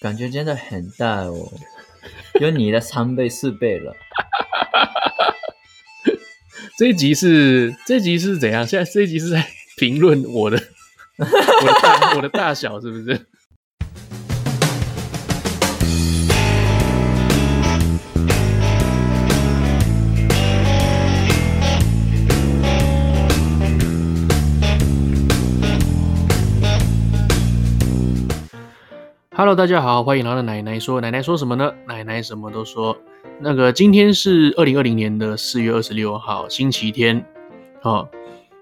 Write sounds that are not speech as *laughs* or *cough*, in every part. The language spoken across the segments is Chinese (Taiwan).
感覺真的很大哦，有你的三倍四倍了。 *laughs* 這一集是，這一集是怎樣？現在這一集是在評論我的， *laughs* 我的大，我的大小是不是？Hello，大家好，歡迎來到奶奶說。奶奶說什麼呢？奶奶什麼都說。那個今天是二零二零年的四月二十六號，星期天。哦。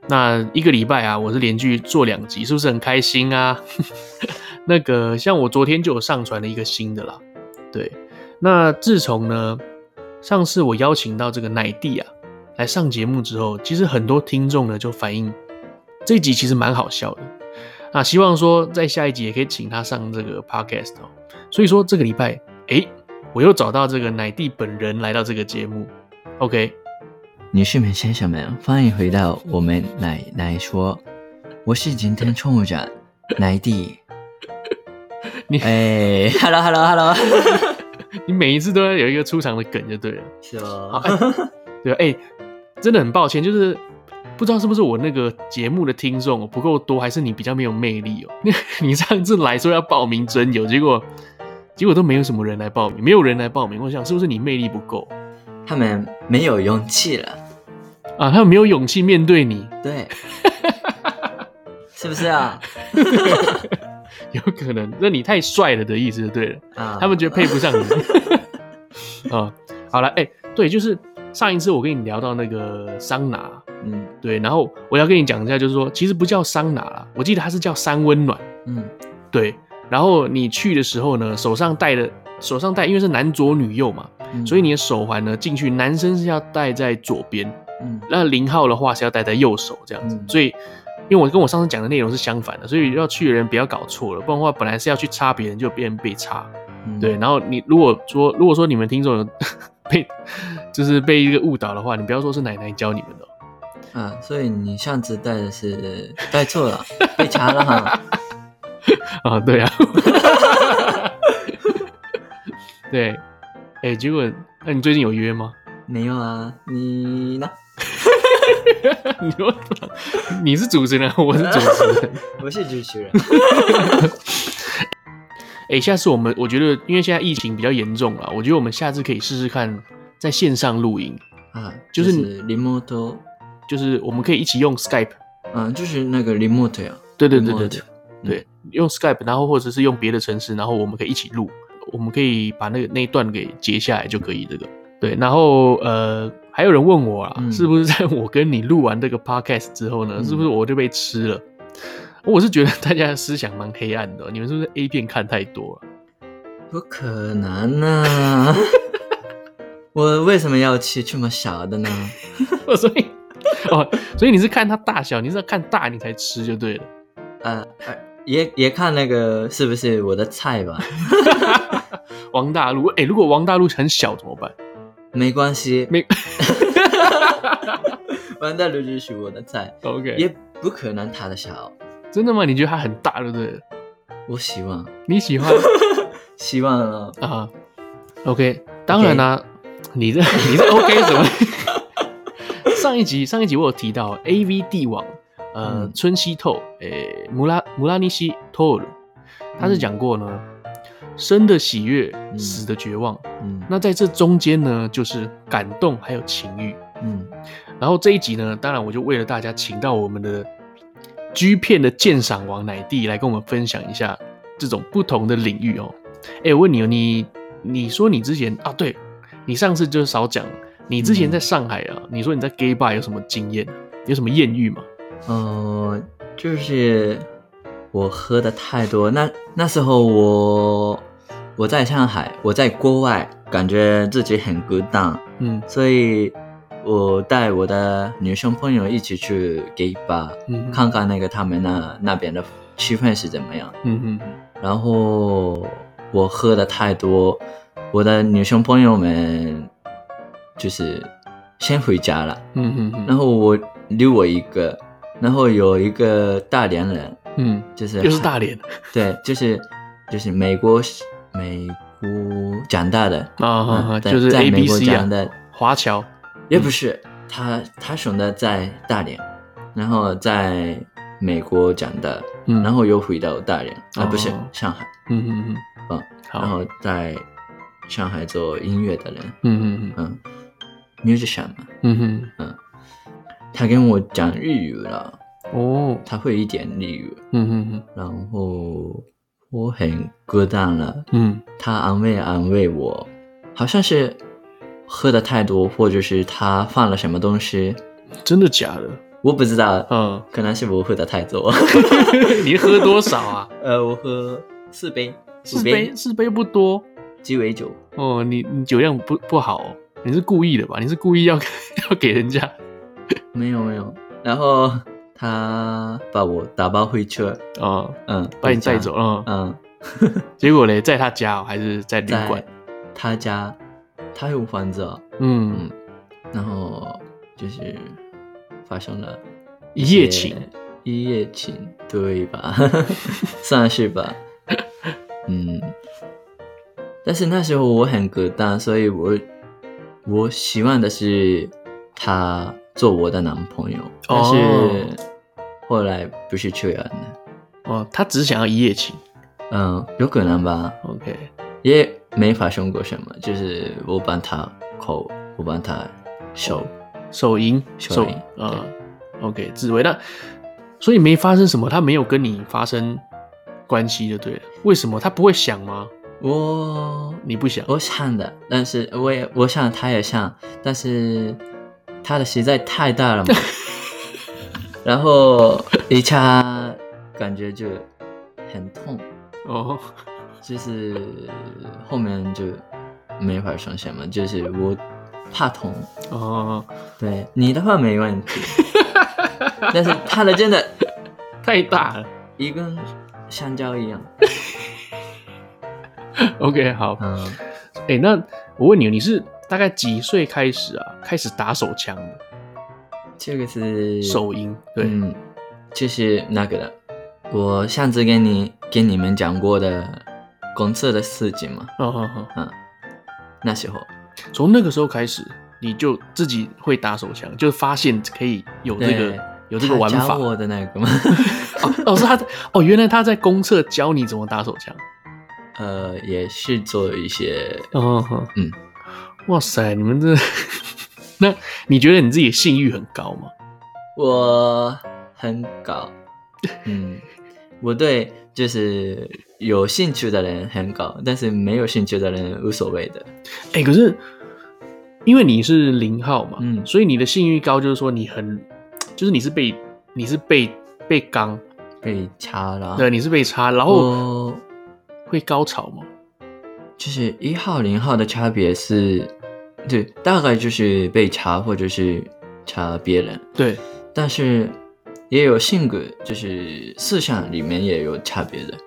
那一個禮拜啊，我是連續做兩集，是不是很開心啊？ *laughs* 那個像我昨天就有上傳了一個新的啦。對，那自從呢上次我邀請到這個乃弟啊來上節目之後，其實很多聽眾呢就反映，這一集其實蠻好笑的。那、啊、希望說，在下一集也可以請他上這個 podcast 哦。所以說這個禮拜，哎、欸，我又找到這個乃弟本人來到這個節目。OK，女士們、先生們，歡迎回到我們乃乃說，我是今天創作者乃弟。 *laughs* 地你哎、欸、，Hello，Hello，Hello，hello. *laughs* 你每一次都要有一個出場的梗就對了。是哦嗎、欸。對，哎、欸，真的很抱歉，就是。不知道是不是我那個節目的聽眾不夠多，還是你比較沒有魅力哦、喔？ *laughs* 你上次來說要報名徵友，結果結果都沒有什麼人來報名，沒有人來報名。我想是不是你魅力不夠？他們沒有勇氣了啊！他們沒有勇氣面對你，對， *laughs* 是不是啊？ *laughs* 有可能，那你太帥了的意思就對了啊！Uh, 他們覺得配不上你啊、 *laughs* 嗯！好了，哎、欸，對，就是上一次我跟你聊到那個桑拿。嗯，對，然後我要跟你講一下，就是說其實不叫桑拿啦，我記得它是叫三溫暖。嗯，對，然後你去的時候呢，手上戴的，手上戴，因為是男左女右嘛，嗯，所以你的手環呢進去，男生是要戴在左邊，嗯，那零號的話是要戴在右手這樣子。嗯，所以，因為我跟我上次講的內容是相反的，所以要去的人不要搞錯了，不然的話本來是要去插別人，就別人被插，嗯，對，然後你如果說，如果說你們聽眾有被，就是被一個誤導的話，你不要說是奶奶教你們的。啊，所以你上次戴的是戴錯了，被查了哈。啊，對呀、啊， *laughs* 對，哎、欸，結果，那、啊、你最近有約嗎？沒有啊，你呢？ *laughs* 你說什麼？你是主持人、啊，我是主持人，我 *laughs* 是主持人。哎、 *laughs* 欸，下次我們，我覺得，因為現在疫情比較嚴重了，我覺得我們下次可以試試看在線上錄影啊，就是林就是我們可以一起用 Skype，嗯、啊，就是那個 Remote 對、啊、對對對對，Remote, 對，嗯、用 Skype，然後或者是用別的程式，然後我們可以一起錄，我們可以把那個那一段給截下來就可以。這個，對，然後呃，還有人問我啊，嗯、是不是在我跟你錄完這個 Podcast 之後呢，是不是我就被吃了？嗯、我是覺得大家思想蠻黑暗的，你們是不是 A 片看太多了、啊？不可能吶、啊， *laughs* 我為什麼要吃這麼小的呢？我說。 *laughs* 哦，所以你是看他大小，你是要看大你才吃就對了。呃、uh, uh,，也也看那個是不是我的菜吧。 *laughs* *laughs* 王大陸，誒、欸，如果王大陸很小怎麼辦？沒關係，沒。 *laughs* *laughs* 王大陸就是我的菜。OK，也不可能他的小。 *laughs* 真的嗎？你覺得他很大對不對？我希望你喜歡， *laughs* 希望啊了啊。Uh, OK，當然啦、啊，Okay. 你這你這 OK 什麼？ *laughs* 上一集上一集我有提到、啊、A V 帝王，呃，嗯、村西透，誒、欸，穆拉穆拉尼西托爾，他是講過呢，嗯、生的喜悅，嗯、死的絕望，嗯，那在這中間呢，就是感動還有情欲，嗯，嗯，然後這一集呢，當然我就為了大家，請到我們的 G 片的鑑賞王乃弟來跟我們分享一下這種不同的領域哦、喔，誒、欸，我問你、喔，你你說你之前啊對，對，你上次就是少講。你之前在上海啊？嗯、你說你在 gay bar 有什麼經驗？有什麼豔遇嗎？嗯、呃，就是我喝的太多。那那時候我我在上海，我在國外，感覺自己很孤單。嗯，所以我帶我的女生朋友一起去 gay bar、嗯、哼看看那個他們那那邊的氣氛是怎麼樣。嗯哼。然後我喝的太多，我的女生朋友們。就是先回家了，嗯嗯，然後我留我一個，然後有一個大連人，嗯，就是又是大連，對，就是就是美國美國長大的啊，就是在美國長的華僑，也不是他他選擇在大連，然後在美國長大，然後又回到大連啊，不是上海，嗯嗯嗯，然後在上海做音樂的人，嗯嗯嗯。musician 嘛，musician，嗯哼，嗯，他跟我講日語了，哦，他會一點日語，嗯哼哼，然後我很孤單了，嗯，他安慰安慰我，好像是喝的太多，或者是他放了什麼東西，真的假的？我不知道，嗯，可能是我喝的太多， *laughs* *laughs* 你喝多少啊？呃，我喝四杯，四杯，杯四杯，四杯不多，雞尾酒，哦，你你酒量不不好。你是故意的吧？你是故意要要給人家？ *laughs* 沒有沒有。然後他把我打包回去了。哦，嗯，把你帶走了。家哦、嗯， *laughs* 結果呢，在他家、哦、還是在旅館？他家，他有房子、哦。嗯，嗯，然後就是發生了一,一夜情。一夜情，對吧？ *laughs* 算是吧。 *laughs* 嗯，但是那時候我很孤單，所以我。我希望的是他做我的男朋友，哦、但是後來不是去了。哦，他只想要一夜情。嗯，有可能吧。嗯、OK，也沒發生過什麼，就是我幫他口，我幫他手手淫、手淫啊。OK，自慰的，所以沒發生什麼，他沒有跟你發生關係就對了。為什麼他不會想嗎？我，你不想，我想的，但是我也我想，他也想，但是他的實在太大了嘛， *laughs* 然後一掐感覺就很痛哦，oh. 就是後面就沒法上線嘛，就是我怕痛哦，oh. 對你的話沒問題， *laughs* 但是他的真的 *laughs* 太大了，一根香蕉一樣。 *laughs* OK，好。嗯，哎、欸，那我問你，你是大概幾歲開始啊？開始打手槍的？這個是手淫，對、嗯，就是那個的。我上次跟你跟你們講過的公廁的事情嘛。哦哦哦，嗯，哦、那時候，從那個時候開始，你就自己會打手槍，就發現可以有這個對有這個玩法我的那個 *laughs* *laughs* 哦哦是他哦，原來他在公廁教你怎麼打手槍。呃，也是做一些哦，哦嗯，哇塞，你們這 *laughs* 那你覺得你自己的性慾很高嗎？我很高， *laughs* 嗯，我對就是有興趣的人很高，但是沒有興趣的人無所謂的。哎、欸，可是因為你是零號嘛，嗯，所以你的性慾高，就是說你很，就是你是被你是被被剛被插了，對，你是被插，然後。會高潮嗎？就是一號零號的差別是，對，大概就是被查或者是查別人。對，但是也有性格，就是思想裡面也有差別的，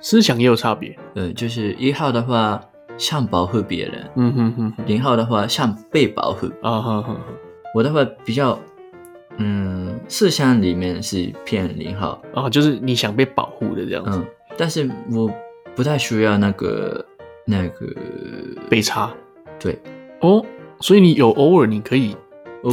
思想也有差別。嗯，就是一號的話想保護別人，嗯哼哼，零號的話想被保護。啊哈哈，好好好，我的話比較，嗯，思想裡面是偏零號啊、哦，就是你想被保護的這樣子。嗯、但是我。不太需要那個那個被插，對哦，oh, 所以你有偶爾你可以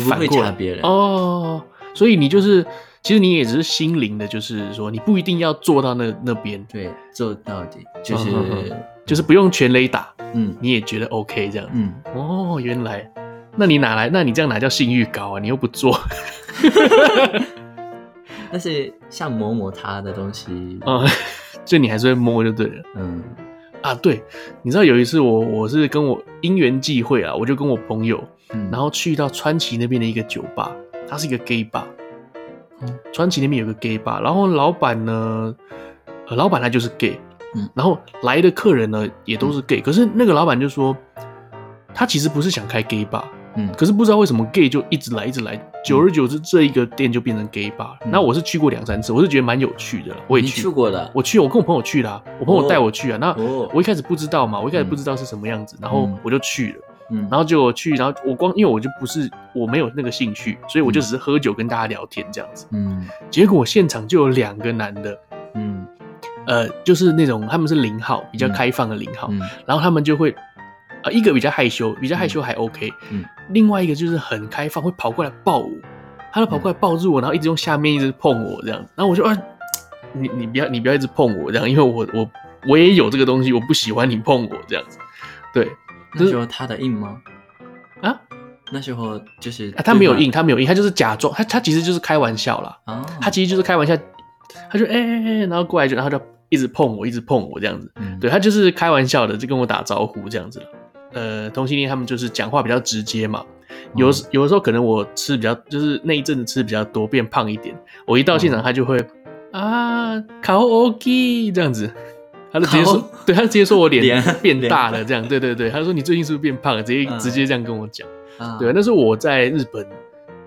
反插別人哦，oh, 所以你就是其實你也只是心靈的，就是說你不一定要做到那那邊，對，做到底就是 oh, oh, oh, oh. 就是不用全壘打，嗯，你也覺得 OK 這樣，嗯，哦，oh, 原來那你哪來？那你這樣哪叫性欲高啊？你又不做，但 *laughs* 是 *laughs* 像摸摸他的東西、oh. 所以你還是會摸就對了，嗯啊，對，你知道有一次我我是跟我因緣際會啊，我就跟我朋友，嗯，然後去到川崎那邊的一個酒吧，它是一個 gay bar，嗯，川崎那邊有個 gay bar，然後老闆呢，呃，老闆他就是 gay，嗯，然後來的客人呢也都是 gay，嗯，可是那個老闆就說，他其實不是想開 gay bar。嗯，可是不知道為什麼 gay 就一直來一直來，嗯、久而久之這一個店就變成 gay bar。嗯。那我是去過兩三次，我是覺得蠻有趣的。我也去過的，我去我跟我朋友去的，啊，我朋友帶我去啊。那，oh, 我一開始不知道嘛，嗯、我一開始不知道是什麼樣子，然後我就去了。嗯，然後就去，然後我光因為我就不是我沒有那個興趣，所以我就只是喝酒跟大家聊天這樣子。嗯，結果現場就有兩個男的，嗯，呃，就是那種他們是零號比較開放的零號，嗯、然後他們就會。啊，一個比較害羞，比較害羞還 OK，、嗯嗯、另外一個就是很開放，會跑過來抱我，他就跑過來抱住我，嗯、然後一直用下面一直碰我這樣子，然後我就，哎、啊，你你不要你不要一直碰我這樣，因為我我我也有這個東西，我不喜歡你碰我這樣子，對，就是、那時候他的硬嗎？啊，那時候就是、啊、他沒有硬，他沒有硬，他就是假裝，他他其實就是開玩笑啦，哦、他其實就是開玩笑，他就，哎、欸，然後過來就然後就一直碰我一直碰我這樣子，嗯、對他就是開玩笑的，就跟我打招呼這樣子。呃，同性戀他們就是講話比較直接嘛，嗯、有有的時候可能我吃比較，就是那一陣子吃比較多，變胖一點。我一到現場，他就會、嗯、啊，卡オオキ這樣子，他就直接說，烤，對他直接說我臉變大了這樣，對對對，他說你最近是不是變胖了，嗯、直接直接這樣跟我講。嗯、對、啊，那是我在日本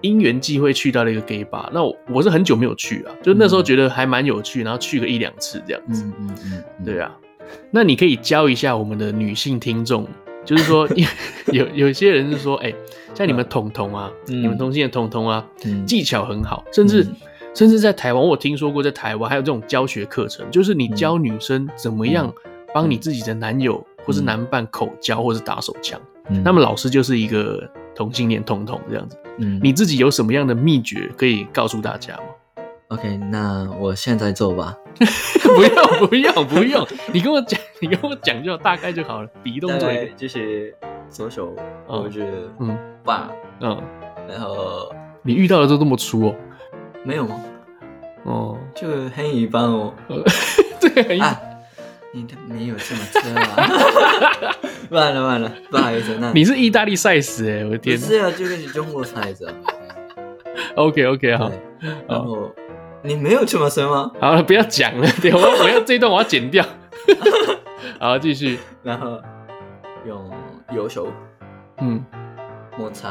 因緣際會去到了一個 gay 吧，那我是很久沒有去啊，就那時候覺得還蠻有趣，然後去個一兩次這樣子。嗯嗯，嗯嗯對啊，那你可以教一下我們的女性聽眾。 *laughs* 就是說，有有些人是說，哎、欸，像你們同同啊，嗯、你們同性戀同同啊，嗯、技巧很好，甚至、嗯、甚至在台灣，我聽說過，在台灣還有這種教學課程，就是你教女生怎麼樣幫你自己的男友、嗯、或是男伴口交或是打手槍，那麼、嗯、老師就是一個同性戀同同這樣子。嗯、你自己有什麼樣的祕訣可以告訴大家嗎？OK，那我現在做吧。不用不用不用。你跟我講，你跟我講就大概就好了。鼻動作就是左手或者嗯，棒，嗯，然後你遇到的都這麼粗哦？沒有嗎？哦，就是很一般哦。對，很一般，你的沒有這麼粗啊！完了完了，不好意思，那你是意大利 size 哎，我的天，不是啊，就跟你中國 size。OK OK 好，然後。你沒有這麼深嗎？好了，不要講了，對我我要， *laughs* 我要，我要這一段我要剪掉。 *laughs* 好，繼續。然後用右手，嗯，摩擦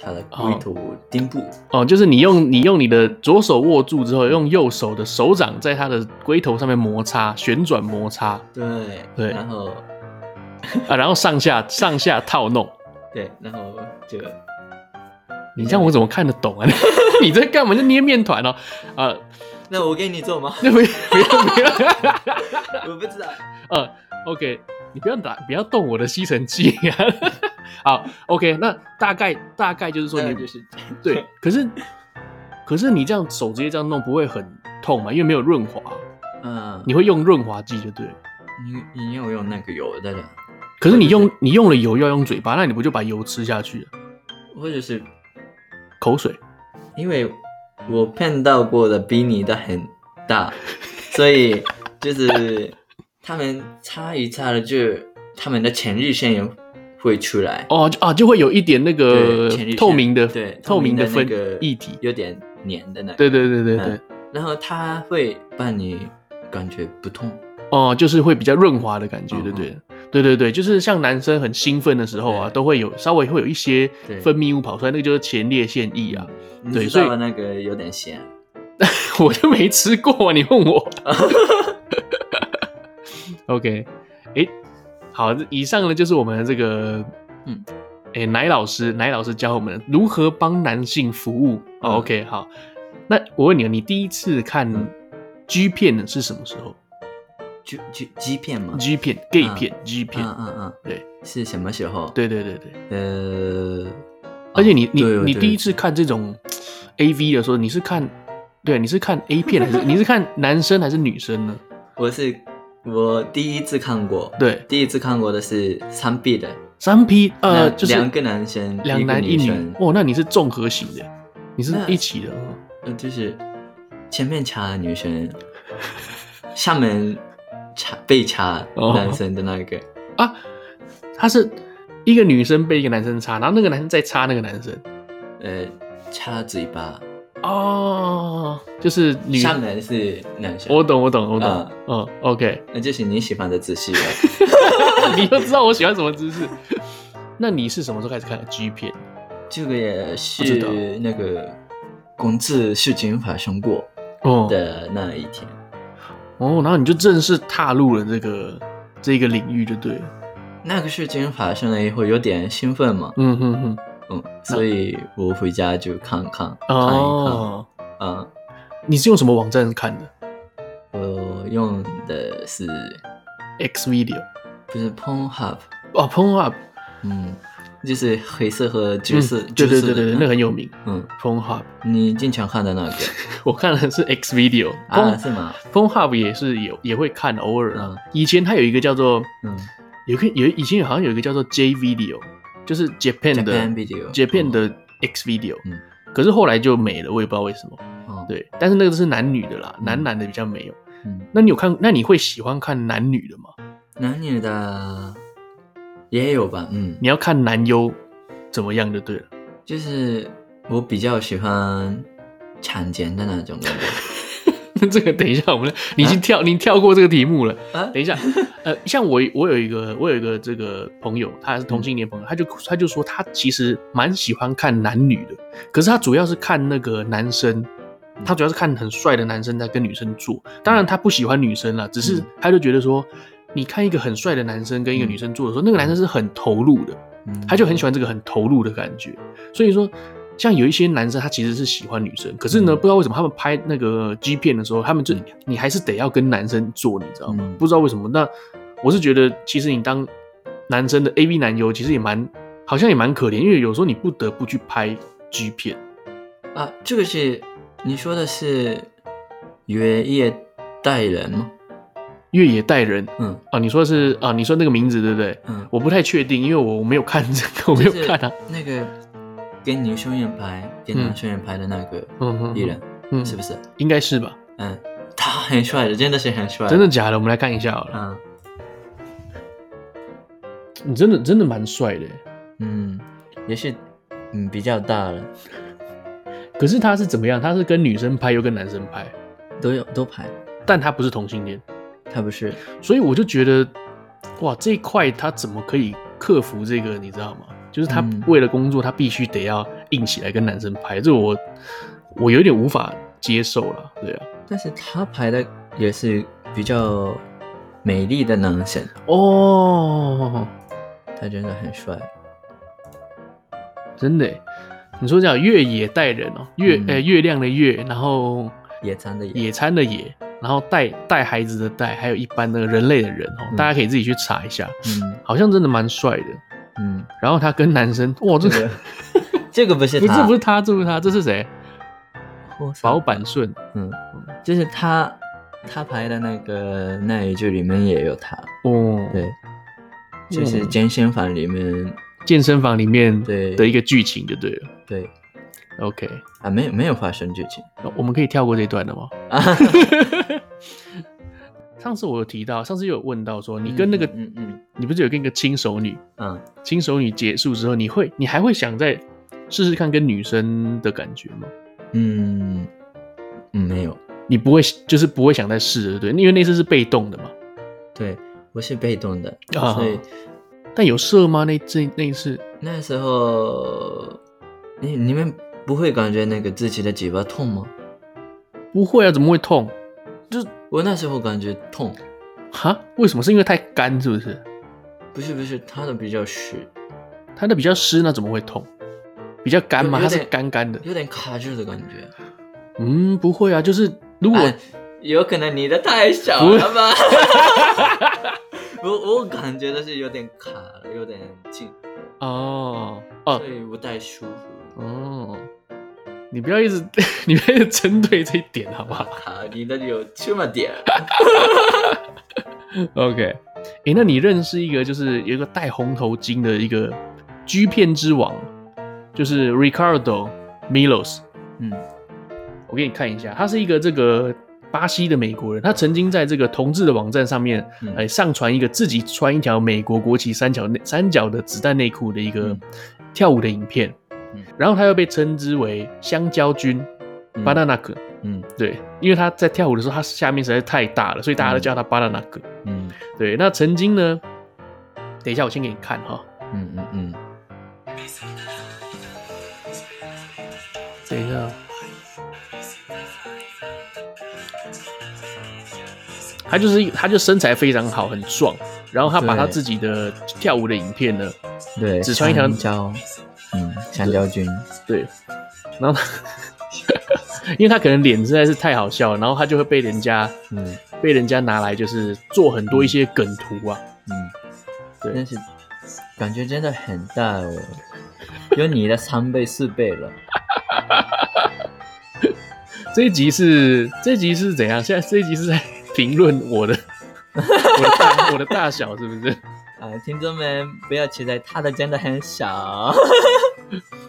它的龜頭頂部。哦，就是你用你用你的左手握住之後，用右手的手掌在它的龜頭上面摩擦，旋轉摩擦。對對。對然後 *laughs* 啊，然後上下上下套弄。對，然後這個。你這樣我怎麼看得懂啊？ *laughs* *laughs* 你在幹嘛？在捏麵團哦。啊，uh, 那我給你做嗎？那不不要不要。我不知道。呃、uh,，OK，你不要打，不要動我的吸塵器、啊。好、 *laughs* uh,，OK，那大概大概就是說你就是、呃、對。可是可是你這樣手直接這樣弄不會很痛嘛，因為沒有潤滑。嗯。你會用潤滑劑就對了你。你你要用那個油大家。可是你用你用了油要用嘴巴，那你不就把油吃下去了？或者是？口水，因為我碰到過的比你的很大， *laughs* 所以就是他們擦一擦了，就他們的前列腺液會出來哦就，啊，就會有一點那個透明的，對透明的那個的、那個、的分液體，有點粘的那，對對對對對、嗯，然後他會把你感覺不痛哦，就是會比較潤滑的感覺，哦、對,對對。對對對，就是像男生很興奮的時候啊，對都會有稍微會有一些分泌物跑出來，對那個就是前列腺液啊。知對，所以那個有點鹹。 *laughs* 我都沒吃過啊，你問我。 *laughs* OK，哎，好，以上呢就是我們這個，嗯，哎，乃老師，乃老師教我們如何幫男性服務。嗯、OK，好，那我問你啊，你第一次看 G 片呢是什麼時候？就就 G 片嘛，G 片、G 片、G 片，嗯嗯嗯，對，是什麼時候？對對對對，呃，而且你你你第一次看這種 A V 的時候，你是看，對，你是看 A 片還是你是看男生還是女生呢？我是，我第一次看過，對，第一次看過的是三 P 的，三 P，呃，就兩個男生，兩男一女。哦，那你是綜合型的，你是一起的，嗯，就是前面插女生，下面。插被插男生的那個、哦、啊，他是一個女生被一個男生插，然後那個男生在插那個男生，呃，插嘴巴哦，就是女上男是男生我，我懂我懂我懂，嗯、啊哦，OK，那就是你喜歡的姿勢，你又知道我喜歡什麼姿勢？ *laughs* *laughs* 那你是什麼時候開始看的 G 片？這個也是那個工資事件發生過的那一天。哦哦，然後你就正式踏入了這個這個領域，就對了。那個事情發生了以後，有點興奮嘛。嗯哼哼，嗯，所以我回家就看看、哦、看一看。啊、嗯，你是用什麼網站看的？我用的是 X Video，不是 Pornhub 哦 Pornhub 嗯。就是黑色和橘色，對對對對，那很有名。嗯，Pornhub。你經常看的那個？我看的是 X Video 啊。是嗎？Pornhub 也是有，也會看，偶爾。嗯，以前它有一個叫做，嗯，可以，有以前好像有一個叫做 J Video，就是 Japan 的，Japan 的 X Video。嗯，可是後來就沒了，我也不知道為什麼。對，但是那個都是男女的啦，男男的比較沒有。嗯，那你有看？那你會喜歡看男女的嗎？男女的。也有吧，嗯，你要看男優怎麼樣就對了。就是我比較喜歡強姦的那種感覺。 *laughs* 這個等一下，我們你已經跳，啊、你跳過這個題目了。啊，等一下，呃，像我，我有一個，我有一個這個朋友，他是同性戀朋友，嗯、他就他就說他其實蠻喜歡看男女的，可是他主要是看那個男生，嗯、他主要是看很帥的男生在跟女生做，當然他不喜歡女生了，嗯、只是他就覺得說。你看一個很帥的男生跟一個女生做的時候，嗯、那個男生是很投入的，嗯、他就很喜歡這個很投入的感覺。嗯、所以說，像有一些男生，他其實是喜歡女生，可是呢，嗯、不知道為什麼他們拍那個 G 片的時候，他們就、嗯、你還是得要跟男生做，你知道嗎？嗯、不知道為什麼。那我是覺得，其實你當男生的 AV 男優，其實也蠻好像也蠻可憐，因為有時候你不得不去拍 G 片啊。這個是你說的是爺夜帶人嗎？越野帶人，嗯哦、啊，你說是啊，你說那個名字對不對？嗯，我不太確定，因為我我沒有看這個，我沒有看、啊、那個跟女生也拍，跟男生也拍的那個藝人嗯，嗯，嗯嗯是不是？應該是吧。嗯，他很帥的，真的，是的，誰很帥？真的假的？我們來看一下好了。啊、嗯，你真的真的蠻帥的，嗯，也是，嗯，比較大了。可是他是怎麼樣？他是跟女生拍，又跟男生拍，都有都拍，但他不是同性戀。他、啊、不是，所以我就覺得，哇，這一塊他怎麼可以克服這個？你知道嗎？就是他為了工作，嗯、他必須得要硬起來跟男生拍，這我我有點無法接受了，對啊。但是他拍的也是比較美麗的男生、嗯、哦，他真的很帥，真的。你說叫“月野帶人、喔”哦，月呃月亮的月，然後野餐的野，野餐的野。然後帶帶孩子的帶，還有一般的人類的人哦，嗯、大家可以自己去查一下，嗯，好像真的蠻帥的，嗯。然後他跟男生，嗯、哇，這個、這個這個、 *laughs* 這個不是他，這不是他，這不是他，這是誰？保坂想順，嗯，就是他，他拍的那個奈姐裡面也有他哦，對，就是健身房裡面健身房裡面對的一個劇情，就對了，對。對 OK 啊，沒有沒有發生劇情，我們可以跳過這一段的嗎？ *laughs* *laughs* 上次我有提到，上次又有問到說，你跟那個嗯哼嗯哼，你不是有跟一個輕熟女？啊、嗯，輕熟女結束之後，你會你還會想再試試看跟女生的感覺嗎？嗯嗯，沒有，你不會就是不會想再試，對，因為那次是被動的嘛，對，我是被動的啊哈，對以，但有射嗎？那這那一次那時候你你們。不會感覺那個自己的嘴巴痛嗎？不會啊，怎麼會痛？就是我那時候感覺痛，哈？為什麼？是因為太乾是不是，不是？不是不是，他的比較濕，他的比較濕，那怎麼會痛？比較乾嘛，他是乾乾的，有點卡住的感覺。嗯，不會啊，就是如果、啊、有可能你的太小了吧不會？ *laughs* *laughs* 我感覺的是有點卡了，有點緊哦哦，所以不太舒服哦。你不要一直，你不要一直針對這一點，好不好？好，你那就有這麼點。OK，誒、欸，那你認識一個，就是有一個戴紅頭巾的一個 G 片之王，就是 Ricardo Milos。嗯，我給你看一下，他是一個這個巴西的美國人，他曾經在這個同志的網站上面，哎、嗯呃，上傳一個自己穿一條美國國旗三角內三角的子彈內褲的一個跳舞的影片。嗯然後他又被稱之為香蕉君，巴納納克。嗯，Bananake, 嗯，對，因為他在跳舞的時候，他下面實在太大了，所以大家都叫他巴納納克。嗯，對。那曾經呢，等一下我先給你看哈。嗯嗯嗯。嗯嗯等一下。他就是，他就身材非常好，很壯。然後他把他自己的對跳舞的影片呢，對，只穿一條香蕉嗯，香蕉君。對，對，然後他， *laughs* 因為他可能臉實在是太好笑了，然後他就會被人家嗯，被人家拿來就是做很多一些梗圖啊。嗯，嗯對，但是感覺真的很大哦，有你的三倍四倍了。 *laughs* 這一集是這一集是怎樣？現在這一集是在評論我的 *laughs* 我的大我的大小是不是？聽眾們不要期待他的真的很小。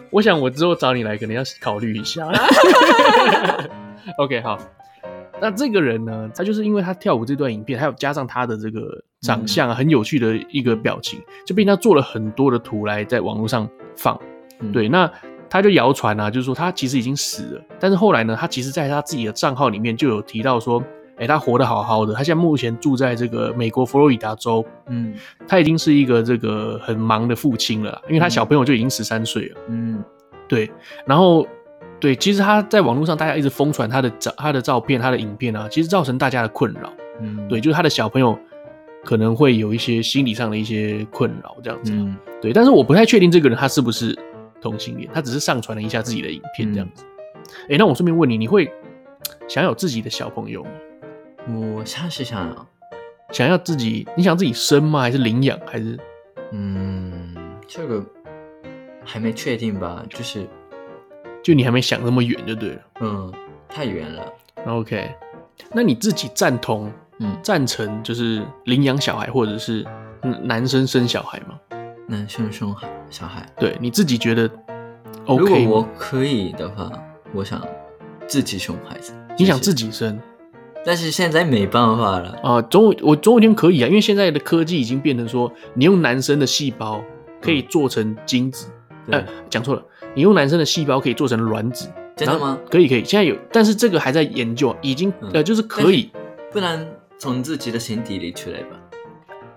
*laughs* 我想我之後找你來，可能要考慮一下。 *laughs* OK，好。那這個人呢，他就是因為他跳舞這段影片，還有加上他的這個長相、啊嗯、很有趣的一個表情，就被他做了很多的圖來在網絡上放。嗯、對，那他就謠傳啊，就是說他其實已經死了。但是後來呢，他其實在他自己的賬號裡面就有提到說。哎、欸，他活得好好的，他現在目前住在這個美國佛羅里達州。嗯，他已經是一個這個很忙的父親了，因為他小朋友就已經十三歲了。嗯，對。然後，對，其實他在網絡上大家一直瘋傳他的照、他的照片、他的影片啊，其實造成大家的困擾。嗯，對，就是他的小朋友可能會有一些心理上的一些困擾這樣子、啊。嗯，對。但是我不太確定這個人他是不是同性戀，他只是上傳了一下自己的影片這樣子。哎、嗯欸，那我順便問你，你會想有自己的小朋友嗎？我先是想，想要自己，你想自己生嗎？還是領養？還是，嗯，這個還沒確定吧。就是，就你還沒想那麼遠，就對了。嗯，太遠了。OK，那你自己贊同，嗯，贊成就是領養小孩，或者是男生生小孩嗎？男生生孩，小孩。對，你自己覺得、OK，如果我可以的話，我想自己生孩子。謝謝。你想自己生？但是現在沒辦法了啊！總、呃、我總有一天可以啊，因為現在的科技已經變成說，你用男生的細胞可以做成精子。嗯、呃，講錯了，你用男生的細胞可以做成卵子。真的嗎？可以，可以。現在有，但是這個還在研究，已經、嗯、呃，就是可以。不能從自己的身體裡出來吧？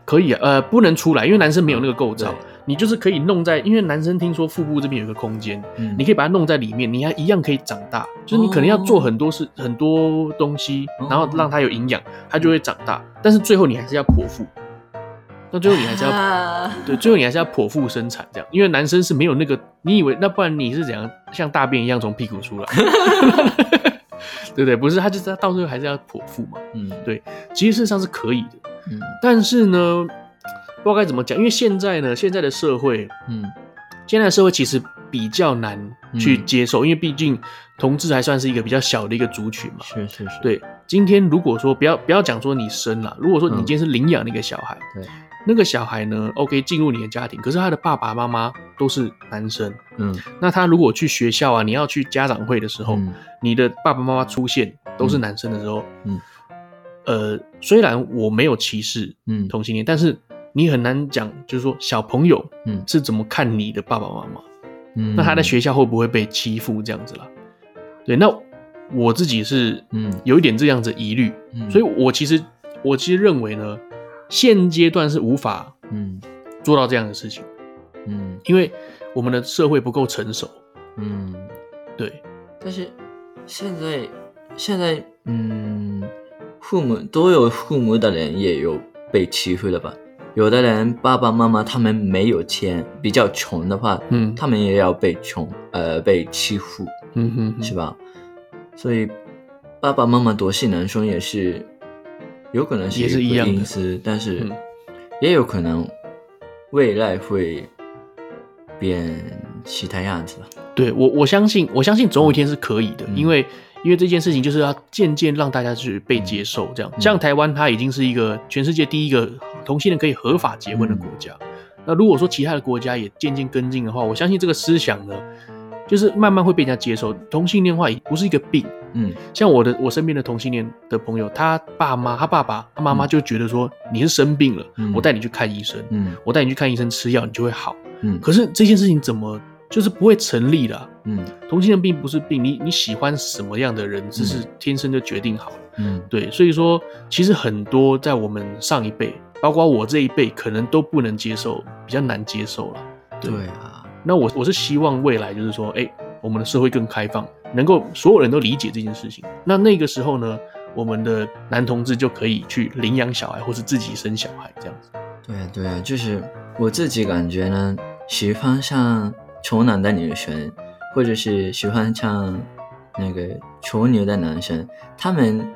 可以啊，呃，不能出來，因為男生沒有那個構造。嗯你就是可以弄在，因為男生聽說腹部這邊有個空間，你可以把它弄在裡面，你還一樣可以長大。就是你可能要做很多事、很多東西，然後讓它有營養，它就會長大。但是最後你還是要剖腹，那最後你還是要，對，最後你還是要剖腹生產這樣，因為男生是沒有那個，你以為，那不然你是怎樣，像大便一樣從屁股出來？對不對？不是，他就是到最後還是要剖腹嘛。嗯，對，其實事實上是可以的。嗯，但是呢。不知道該怎麼講，因為現在呢，現在的社會，嗯，現在的社會其實比較難去接受，嗯、因為畢竟同志還算是一個比較小的一個族群嘛。是是是。對，今天如果說不要不要講說你生了，如果說你今天是領養的一個小孩，對、嗯，那個小孩呢，OK 進入你的家庭，可是他的爸爸媽媽都是男生，嗯，那他如果去學校啊，你要去家長會的時候，嗯、你的爸爸媽媽出現都是男生的時候，嗯，嗯呃，雖然我沒有歧視同嗯同性戀，但是。你很難講，就是說小朋友嗯是怎麼看你的爸爸媽媽，嗯，那他在學校會不會被欺負這樣子啦？嗯、對，那我自己是嗯有一點這樣子疑慮，嗯、所以我其實我其實認為呢，現階段是無法嗯做到這樣的事情，嗯，嗯因為我們的社會不夠成熟，嗯，對。但是現在現在嗯，父母都有父母的人也有被欺負了吧？有的人爸爸媽媽他們沒有錢，比較窮的話，嗯，他們也要被窮呃被欺負，嗯哼、哼、哼，是吧？所以爸爸媽媽多是男生也是有可能是，也是一樣的，但是也有可能未來會變其他樣子吧。對，我我相信我相信總有一天是可以的，嗯、因為。因為這件事情就是要漸漸讓大家去被接受，這樣、嗯、像台灣，它已經是一個全世界第一個同性戀可以合法結婚的國家。嗯、那如果說其他的國家也漸漸跟進的話，我相信這個思想呢，就是慢慢會被人家接受。同性戀話也不是一個病，嗯，像我的我身邊的同性戀的朋友，他爸媽、他爸爸、他媽媽就覺得說你是生病了，嗯、我帶你去看醫生，嗯，我帶你去看醫生吃藥，你就會好。嗯，可是這件事情怎麼？就是不會成立的，啊，嗯，同性戀並不是病，你你喜歡什麼樣的人，嗯、只是天生就決定好了，嗯，對，所以說其實很多在我們上一輩，包括我這一輩，可能都不能接受，比較難接受了，對，對啊，那我我是希望未來就是說，哎、欸，我們的社會更開放，能夠所有人都理解這件事情，那那個時候呢，我們的男同志就可以去領養小孩，或是自己生小孩這樣子，對啊，對啊，就是我自己感覺呢，喜歡向。醜男的女生，或者是喜歡唱那個醜女的男生，他們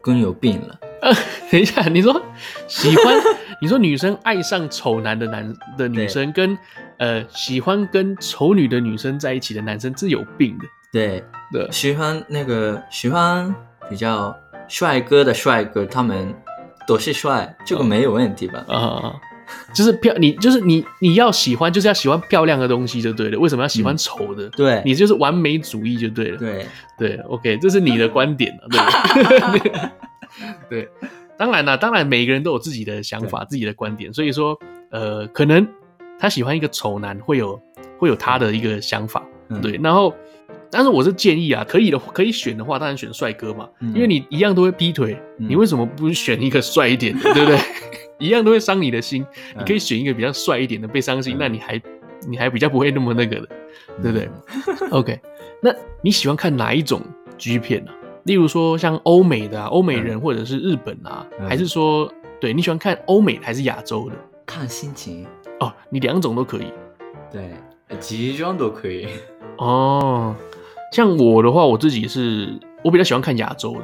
更有病了。啊、等一下，你說喜歡 *laughs* 你說女生愛上醜男的男的女生，對跟呃喜歡跟醜女的女生在一起的男生，是有病的。對對，對喜歡那個喜歡比較帥哥的帥哥，他們都是帥，哦、這個沒有問題吧？啊、哦。哦哦就是漂，你就是你，你要喜歡，就是要喜歡漂亮的東西就對了。為什麼要喜歡醜的？嗯、對，你就是完美主義就對了。對對，OK，這是你的觀點了， *laughs* 對。 *laughs* 對，當然了，當然每個人都有自己的想法、對自己的觀點。所以說，呃，可能他喜歡一個醜男，會有會有他的一個想法，嗯、對。然後。但是我是建議啊，可以的，可以選的話，當然選帥哥嘛，因為你一樣都會劈腿，你為什麼不選一個帥一點的，對不對？一樣都會傷你的心，你可以選一個比較帥一點的，被傷心，那你還你還比較不會那麼那個的，對不對？OK，那你喜歡看哪一種 G 片呢？例如說像歐美的啊歐美人，或者是日本啊，還是說，對你喜歡看歐美的還是亞洲的？看心情哦，你兩種都可以，對，幾種都可以哦。像我的話，我自己是，我比較喜歡看亞洲的，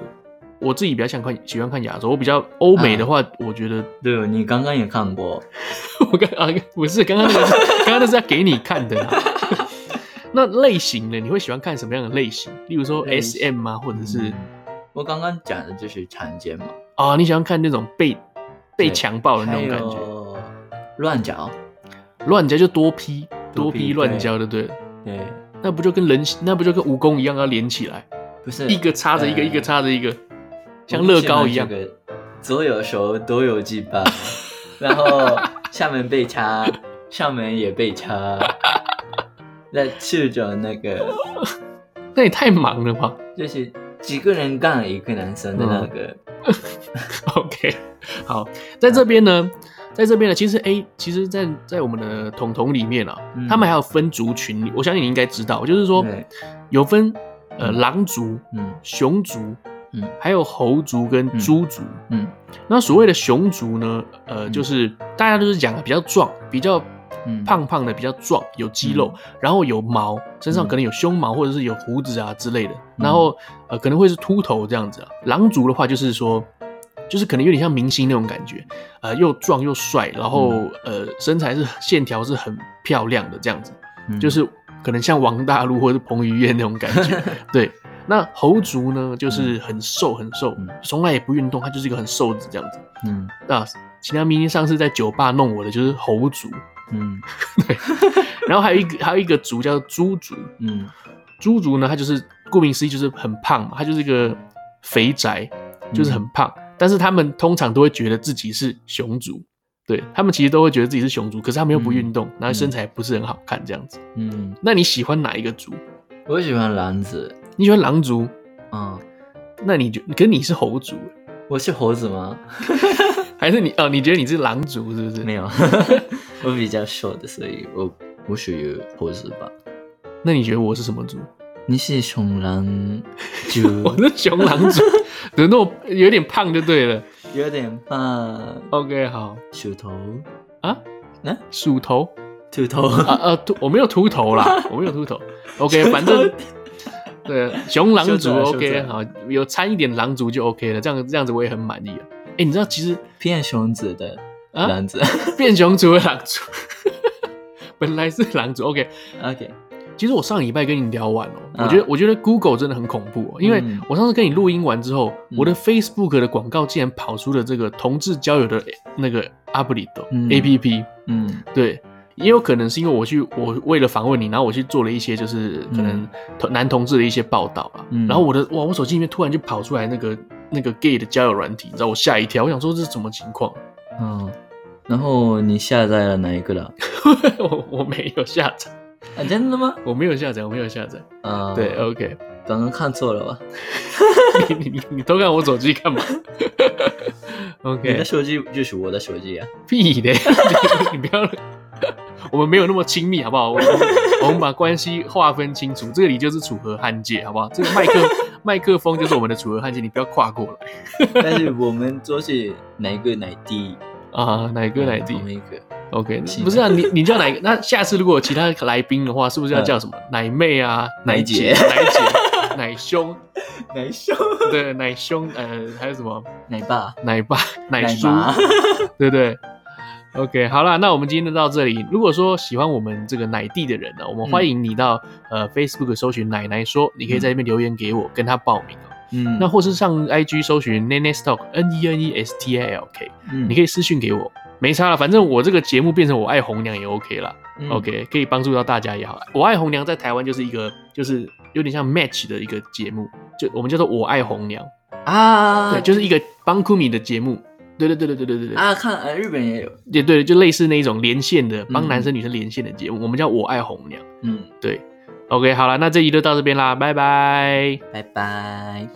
我自己比較喜歡看，喜歡看亞洲。我比較歐美的話，啊、我覺得，對，你剛剛也看過， *laughs* 我剛啊，不是剛剛那個， *laughs* 剛剛那是要給你看的。 *laughs* 那類型呢？你會喜歡看什麼樣的類型？例如說 S M 啊，或者是、嗯、我剛剛講的就是強奸嘛？啊，你喜歡看那種被被強暴的那種感覺？亂交？亂交就多 P 多 P,，多 P 亂交，的對對。對那不就跟人，那不就跟蜈蚣一樣，要連起來，不是一個插着一,一,一個，一個插着一個，像樂高一樣的，左右手都有雞巴， *laughs* 然後下面被插，上面也被插，那是一種那個。那也太忙了吧？就是幾個人幹一個男生的那個。嗯、 *laughs* OK，好，在這邊呢。嗯在這邊呢，其實 A、欸、其實在在我們的統統裡面啊，嗯、他們還有分族群，我相信你應該知道，就是說、嗯、有分呃狼族、嗯熊族、嗯還有猴族跟豬族，嗯，嗯，那所謂的熊族呢，呃，嗯、就是大家都是養得比較壯、比較胖胖的、比較壯、有肌肉，嗯、然後有毛，身上可能有胸毛或者是有鬍子啊之類的，嗯、然後呃可能會是禿頭這樣子啊。狼族的話就是說。就是可能有點像明星那種感覺，呃，又壯又帥，然後、嗯、呃，身材是線條是很漂亮的這樣子，嗯、就是可能像王大陸或者彭於晏那種感覺。 *laughs* 對，那猴族呢，就是很瘦很瘦，從、嗯、來也不運動，他就是一個很瘦子這樣子。嗯，那，其他明星上次在酒吧弄我的就是猴族。嗯， *laughs* 對。然後還有一個還有一個族叫豬族。嗯，豬族呢，他就是顧名思義就是很胖嘛，他就是一個肥宅，就是很胖。嗯但是他們通常都會覺得自己是熊族，對，他們其實都會覺得自己是熊族，可是他們又不運動，嗯、然後身材不是很好看這樣子。嗯，那你喜歡哪一個族？我喜歡狼族。你喜歡狼族？嗯，那你覺得，可是你是猴族。我是猴子嗎？ *laughs* 還是你？哦，你覺得你是狼族是不是？沒有， *laughs* 我比較瘦的，所以我我屬於猴子吧。那你覺得我是什麼族？你是熊狼族，我是熊狼族，那我有點胖就對了，有點胖。OK，好，鼠頭啊，嗯，鼠頭，兔頭啊啊，禿，我沒有禿頭啦，我沒有禿頭。OK，反正對，熊狼族 OK 好，有摻一點狼族就 OK 了，這樣這樣子我也很滿意了。哎，你知道其實變熊子的狼子，變熊族的狼族，本來是狼族。OK，OK。其實我上禮拜跟你聊完哦，啊，我覺得我覺得 Google 真的很恐怖喔，嗯，因為我上次跟你錄音完之後，嗯，我的 Facebook 的廣告竟然跑出了這個同志交友的那個阿布里多 A P P，嗯，嗯對，也有可能是因為我去，我為了訪問你，然後我去做了一些就是可能男同志的一些報道啊，嗯，然後我的哇，我手機裡面突然就跑出來那個那個 gay 的交友軟體，你知道我嚇一跳，我想說這是什麼情況？嗯，然後你下載了哪一個了？ *laughs* 我我沒有下載。啊，真的嗎？我沒有下載，我沒有下載。啊、uh,，對，OK，剛剛看錯了吧？ *laughs* *laughs* 你你你偷看我手機幹嘛 *laughs* ？OK，你的手機就是我的手機啊，屁的、欸， *laughs* 你不要 *laughs* 我們沒有那麼親密，好不好？我們我們把關係劃分清楚，這裡就是楚河漢界，好不好？這個麥克麥 *laughs* 克風就是我們的楚河漢界，你不要跨過來。 *laughs* 但是我們做是哪個哪弟。啊？Uh, 哪個哪弟。我們。OK，不是啊，你你叫哪一個？那下次如果有其他來賓的話，是不是要叫什麼奶妹啊、奶姐、奶姐、奶兄、奶兄？對，奶兄呃，還有什麼奶爸、奶爸、奶媽，對不對？OK，好啦，那我們今天就到這裡。如果說喜歡我們這個乃弟的人呢，我們歡迎你到呃 Facebook 搜尋奶奶說，你可以在這邊留言給我，跟他報名哦。嗯，那或是上 IG 搜尋 Nenestalk N E N E S T I L K，嗯，你可以私訊給我。沒差了，反正我這個節目變成我愛紅娘也 OK 了，嗯，OK 可以幫助到大家也好。我愛紅娘在台灣就是一個，就是有點像 match 的一個節目，就我們叫做我愛紅娘啊，對，就是一個幫庫米的節目，對對對對對對對，對啊，看，呃，日本也有，對對，就類似那種連線的，幫男生女生連線的節目，嗯，我們叫我愛紅娘，嗯，對，OK，好了，那這集就到這邊啦，拜拜，拜拜。